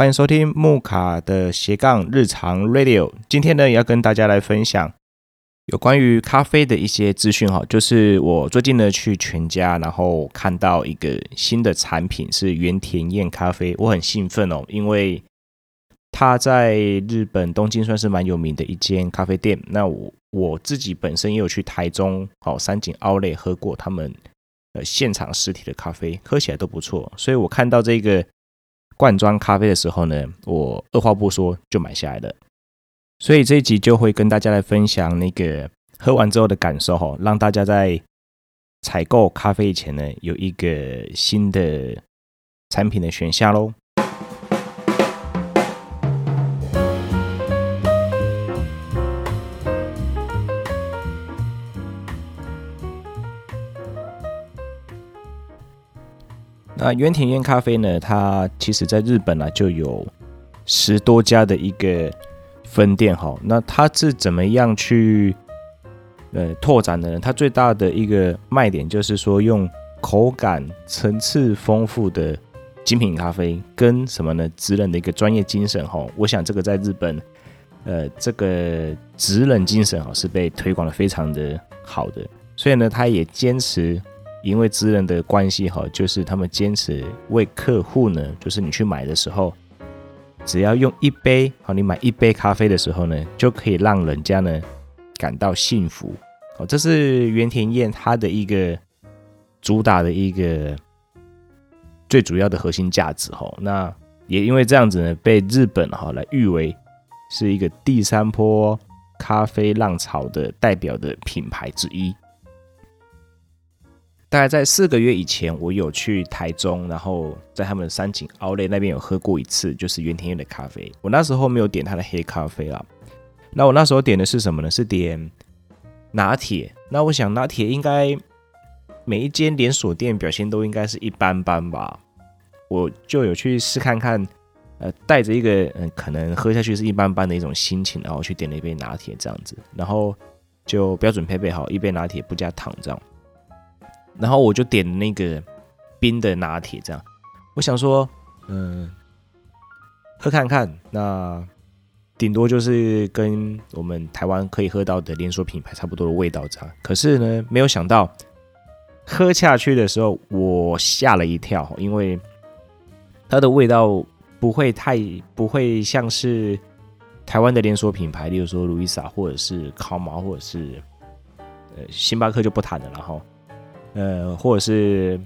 歡迎收聽木卡的斜槓日常 Radio。今天呢，也要跟大家來分享有關於咖啡的一些資訊哈。就是我最近呢去全家，然後看到一個新的產品是猿田彥咖啡，我很興奮哦，因為他在日本東京算是蠻有名的一間咖啡店。那我我自己本身也有去台中哦三井奧萊喝過他們呃現場實體的咖啡，喝起來都不錯。所以我看到這個。罐裝咖啡的時候呢，我二話不說就買下來了。所以這一集就會跟大家來分享那個喝完之後的感受哈，讓大家在採購咖啡以前呢，有一個新的產品的選項嘍。那猿田彥咖啡呢？它其實在日本呢、啊、就有十多家的一個分店。好，那它是怎麼樣去呃拓展的呢？它最大的一個賣點就是說，用口感層次豐富的精品咖啡跟什麼呢？職人的一個專業精神。哈，我想這個在日本，呃，這個職人精神哦是被推廣得非常的好的。所以呢，它也堅持。因為資人的關係哈，就是他們堅持為客戶呢，就是你去買的時候，只要用一杯好，你買一杯咖啡的時候呢，就可以讓人家呢感到幸福哦。這是猿田彥他的一個主打的一個最主要的核心價值哈。那也因為這樣子呢，被日本哈來譽為是一個第三波咖啡浪潮的代表的品牌之一。大概在四個月以前，我有去台中，然後在他們山景 Outlet 那邊有喝過一次，就是猿田彥的咖啡。我那時候沒有點他的黑咖啡啦，那我那時候點的是什麼呢？是點拿鐵。那我想拿鐵應該每一間連鎖店表現都應該是一般般吧？我就有去試看看，呃，帶着一個嗯、呃，可能喝下去是一般般的一種心情，然後去點了一杯拿鐵這樣子，然後就標準配備好一杯拿鐵不加糖這樣。然後我就點那個冰的拿鐵，這樣，我想說，嗯，喝看看，那頂多就是跟我們台灣可以喝到的連鎖品牌差不多的味道，這樣。可是呢，沒有想到喝下去的時候，我嚇了一跳，因為它的味道不會太，不會像是台灣的連鎖品牌，例如說路易莎或者是 cama，或者是、呃、星巴克就不談了，然後，呃，或者是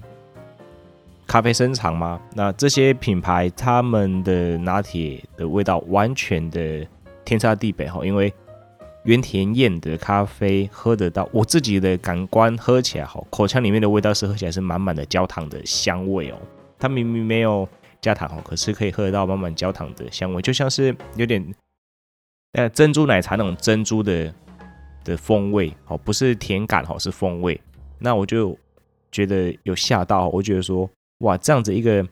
咖啡生長嗎？那這些品牌他們的拿鐵的味道完全的天差地別哈。因為猿田彥的咖啡喝得到，我自己的感官喝起來哦，口腔裡面的味道是喝起來是滿滿的焦糖的香味哦。它明明沒有加糖哦，可是可以喝得到滿滿焦糖的香味，就像是有點呃珍珠奶茶那種珍珠的的風味哦，不是甜感哦，是風味。那我就覺得有嚇到，我覺得說哇，這樣子一個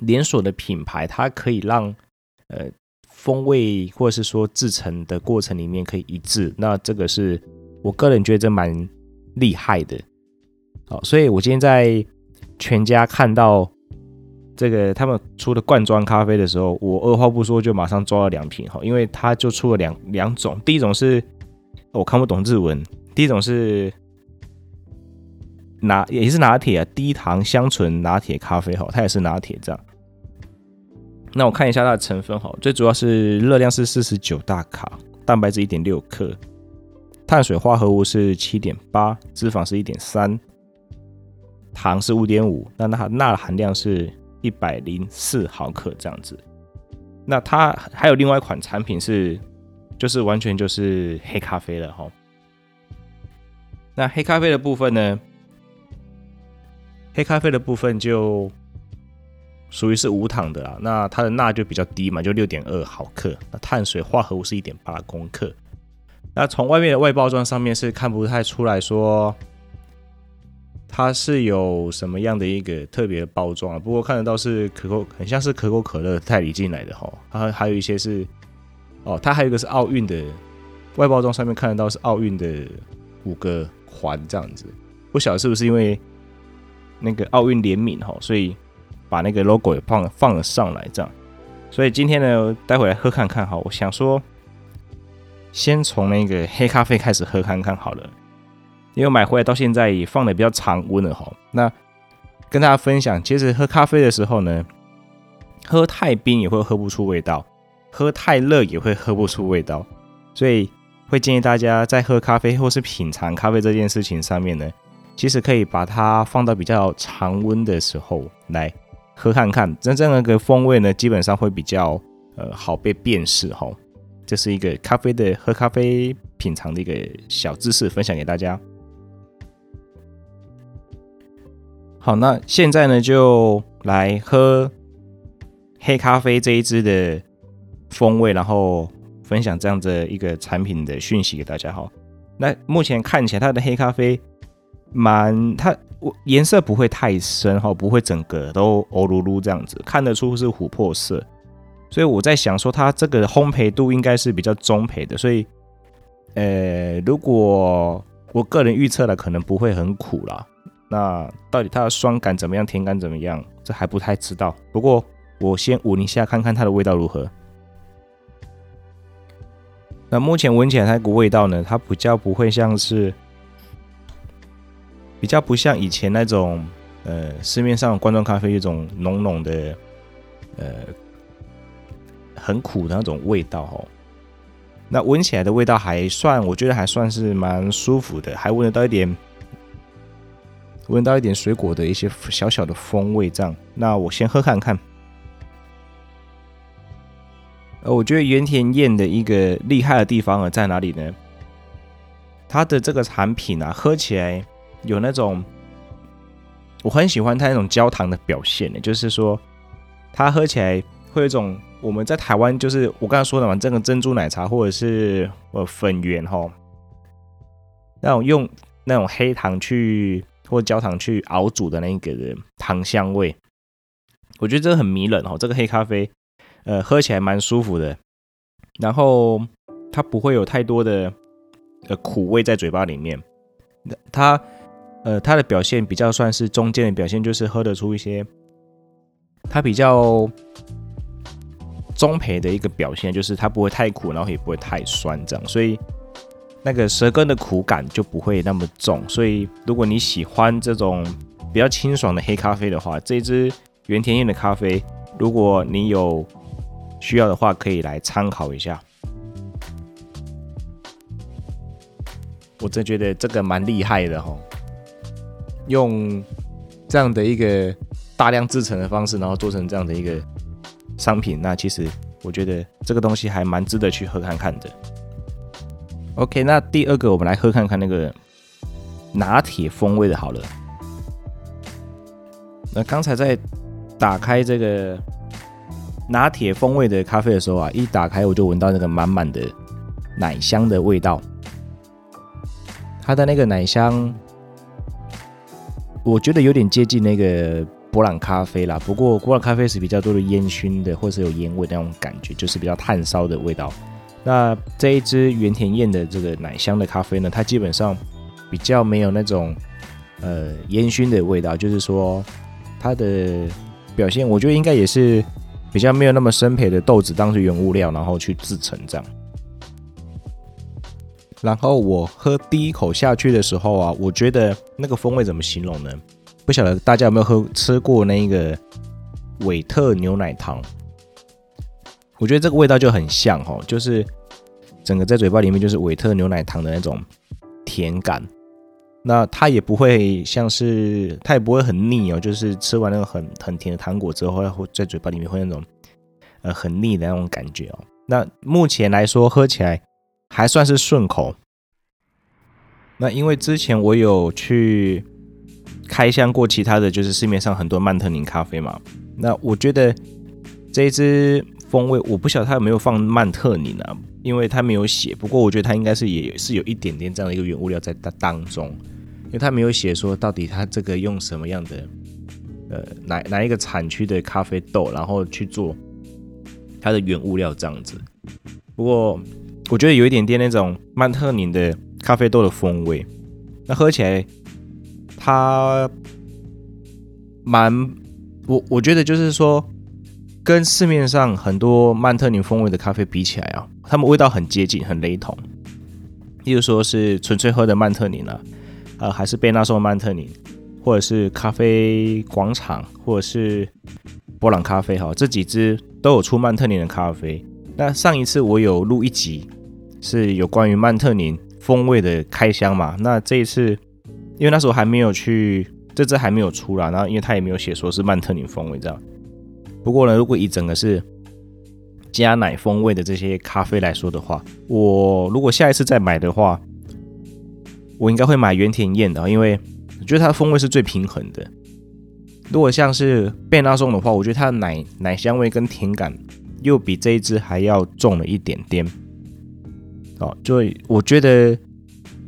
連鎖的品牌，它可以讓呃風味或者是說制成的過程裡面可以一致，那這個是我個人覺得蠻厲害的。好，所以我今天在全家看到這個他們出的罐裝咖啡的時候，我二話不說就馬上抓了兩瓶，好，因為它就出了兩兩種，第一種是我看不懂日文，第一種是，拿也是拿鐵啊，低糖香醇拿鐵咖啡哈，它也是拿鐵這樣。那我看一下它的成分哈，最主要是熱量是四十九大卡，蛋白質一點六克，碳水化合物是七點八，脂肪是一點三，糖是五點五，那它鈉含量是一百零四毫克這樣子。那它還有另外一款產品是，就是完全就是黑咖啡了哈。那黑咖啡的部分呢？黑咖啡的部分就屬於是無糖的啦，啊，那它的鈉就比較低嘛，就六點二毫克。那碳水化合物是一點八公克。那從外面的外包裝上面是看不太出來說它是有什麼樣的一個特別的包裝啊。不過看得到是可口，很像是可口可樂代理進來的齁。啊，它還有一些是哦，它還有一個是奧運的外包裝上面看得到是奧運的五個環這樣子。不曉得是不是因為。那個奧運聯名哈，所以把那個 logo 也放放了上來，這樣。所以今天呢，待會來喝看看哈。我想說，先從那個黑咖啡開始喝看看好了，因為買回來到現在也放的比較常溫了哈。那跟大家分享，其實喝咖啡的時候呢，喝太冰也會喝不出味道，喝太熱也會喝不出味道，所以會建議大家在喝咖啡或是品嘗咖啡這件事情上面呢。其實可以把它放到比較常溫的時候來喝看看，真正的那個風味呢，基本上會比較呃好被辨識哈。這是一個咖啡的喝咖啡品嘗的一個小知識，分享給大家。好，那現在呢就來喝黑咖啡這一支的風味，然後分享這樣的一個產品的訊息給大家哈。那目前看起來它的黑咖啡。蠻它我顏色不會太深哈，不會整個都哦嚕嚕這樣子，看得出是琥珀色，所以我在想說它這個烘焙度，應該是比較中焙的，所以呃、欸，如果我個人預測的可能不會很苦啦，那到底它的酸感怎麼樣，甜感怎麼樣？這還不太知道。不過我先聞一下，看看它的味道如何。那目前聞起來它股味道呢，它比較不會像是。比較不像以前那種，呃，市面上罐裝咖啡一種濃濃的，呃，很苦的那種味道哦，那聞起來的味道還算，我覺得還算是蠻舒服的，還聞得到一點，聞到一點水果的一些小小的風味這樣。那我先喝看看。呃，我覺得猿田彥的一個厲害的地方呃在哪裡呢？他的這個產品啊，喝起來。有那種，我很喜歡它那種焦糖的表現就是說，它喝起來會有一種我們在台灣就是我剛才說的嘛，這個珍珠奶茶或者是呃粉圓哈，那種用那種黑糖去或焦糖去熬煮的那一個糖香味，我覺得這個很迷人哦。這個黑咖啡，呃，喝起來蠻舒服的，然後它不會有太多的，的苦味在嘴巴裡面，它。呃，它的表現比較算是中間的表現，就是喝得出一些，它比較中焙的一個表現，就是它不會太苦，然後也不會太酸，這樣，所以那個舌根的苦感就不會那麼重。所以，如果你喜歡這種比較清爽的黑咖啡的話，這一支猿田彥的咖啡，如果你有需要的話，可以來參考一下。我真覺得這個蠻厲害的齁。用這樣的一個大量制成的方式，然後做成這樣的一個商品，那其實我覺得這個東西還蠻值得去喝看看的。OK，那第二個我們來喝看看那個拿鐵風味的，好了。那剛才在打開這個拿鐵風味的咖啡的時候啊，一打開我就聞到那個滿滿的奶香的味道，它的那個奶香。我覺得有點接近那個伯朗咖啡啦，不過伯朗咖啡是比較多的煙熏的，或者是有煙味那種感覺，就是比較炭燒的味道。那這一支猿田彥的這個奶香的咖啡呢，它基本上比較沒有那種呃煙熏的味道，就是說它的表現，我覺得應該也是比較沒有那麼深焙的豆子當成原物料，然後去制成這樣。然後我喝第一口下去的時候啊，我覺得那個風味怎麼形容呢？不曉得大家有沒有喝吃過那一個偉特牛奶糖？我覺得這個味道就很像哈、哦，就是整個在嘴巴裡面就是偉特牛奶糖的那種甜感。那它也不會像是，它也不會很膩哦，就是吃完那個很很甜的糖果之後，會在嘴巴裡面會那種呃很膩的那種感覺哦。那目前來說喝起來。還算是順口。那因為之前我有去開箱過其他的，就是市面上很多曼特寧咖啡嘛，那我覺得這一支風味，我不曉得它有沒有放曼特寧呢、啊，因為它沒有寫。不過我覺得它應該是也是有一點點這樣的一個原物料在當當中，因為它沒有寫說到底它這個用什麼樣的呃哪哪一個產區的咖啡豆，然後去做它的原物料這樣子。不過。我覺得有一點點那種曼特寧的咖啡豆的風味，那喝起來它蠻我我覺得就是說跟市面上很多曼特寧風味的咖啡比起來啊，它們味道很接近，很雷同。例如說是純粹喝的曼特寧了、啊，呃，還是貝納頌曼特寧，或者是咖啡廣場，或者是伯朗咖啡，哈，這幾支都有出曼特寧的咖啡。那上一次我有錄一集，是有關於曼特寧風味的開箱嘛？那這一次，因為那時候還沒有去，這支還沒有出來，然後因為它也沒有寫說是曼特寧風味這樣。不過呢，如果以整個是加奶風味的這些咖啡來說的話，我如果下一次再買的話，我應該會買猿田彥的，啊，因為我覺得它的風味是最平衡的。如果像是貝納頌的話，我覺得它的奶奶香味跟甜感，又比這一支還要重了一點點，哦，所以我覺得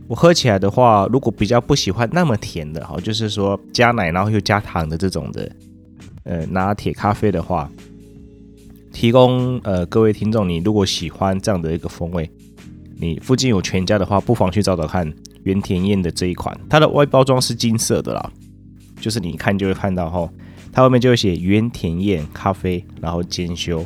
我喝起來的話，如果比較不喜歡那麼甜的，哈，就是說加奶然後又加糖的這種的，呃，拿鐵咖啡的話，提供呃各位聽眾，你如果喜歡這樣的一個風味，你附近有全家的話，不妨去找找看猿田彥的這一款，它的外包裝是金色的啦，就是你看就會看到哈、哦，它後面就會寫猿田彥咖啡，然後監修。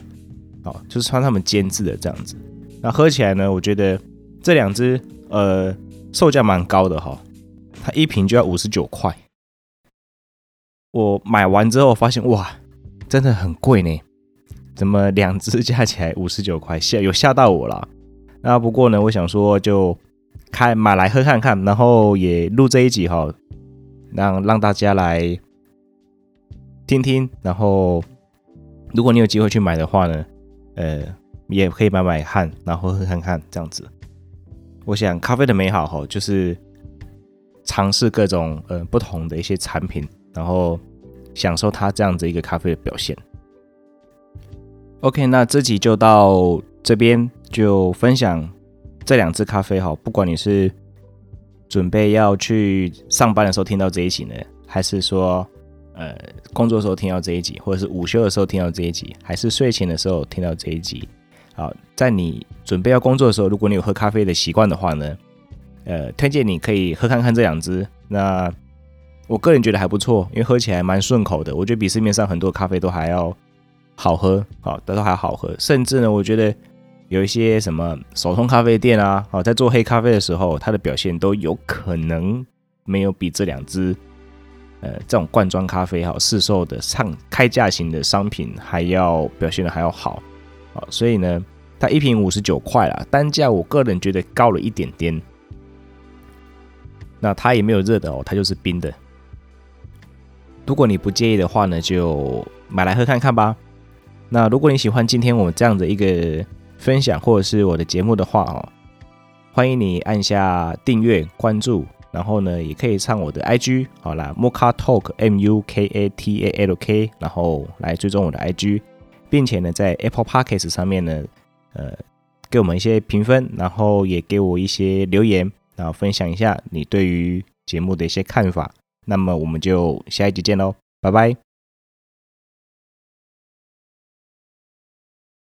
好，就是穿他們監製的這樣子，那喝起來呢？我覺得這兩支呃，售價蠻高的哈，它一瓶就要五十九塊。我買完之後發現哇，真的很貴呢，怎麼兩隻加起來五十九塊嚇有嚇到我啦。那不過呢，我想說就開買來喝看看，然後也錄這一集哈，讓讓大家來聽聽。然後如果你有機會去買的話呢？呃，也可以買買看，然後喝喝看看這樣子。我想咖啡的美好吼，就是嘗試各種呃不同的一些產品，然後享受它這樣子一個咖啡的表現。OK，那這集就到這邊，就分享這兩支咖啡哈。不管你是準備要去上班的時候聽到這一集呢，還是說。呃，工作的時候聽到這一集，或者是午休的時候聽到這一集，還是睡前的時候聽到這一集。好，在你準備要工作的時候，如果你有喝咖啡的習慣的話呢，呃，推薦你可以喝看看這兩支。那我個人覺得還不錯，因為喝起來蠻順口的，我覺得比市面上很多咖啡都還要好喝。好，都還好喝，甚至呢，我覺得有一些什麼手沖咖啡店啊，好，在做黑咖啡的時候，它的表現都有可能沒有比這兩支。呃，這種罐裝咖啡哈，市售的上開架型的商品還要表現的還要好，好，哦，所以呢，它一瓶五十九塊啦，單價我個人覺得高了一點點。那它也沒有熱的哦，它就是冰的。如果你不介意的話呢，就買來喝看看吧。那如果你喜歡今天我們這樣的一個分享或者是我的節目的話哦，歡迎你按下訂閱關注。然後呢，也可以上我的 IG，好啦，Mukatalk Muka Talk, M U K A T A L K，然後來追蹤我的 IG，並且呢，在 Apple Podcast 上面呢，呃，給我們一些評分，然後也給我一些留言，然後分享一下你對於節目的一些看法。那麼我們就下一集見嘍，拜拜。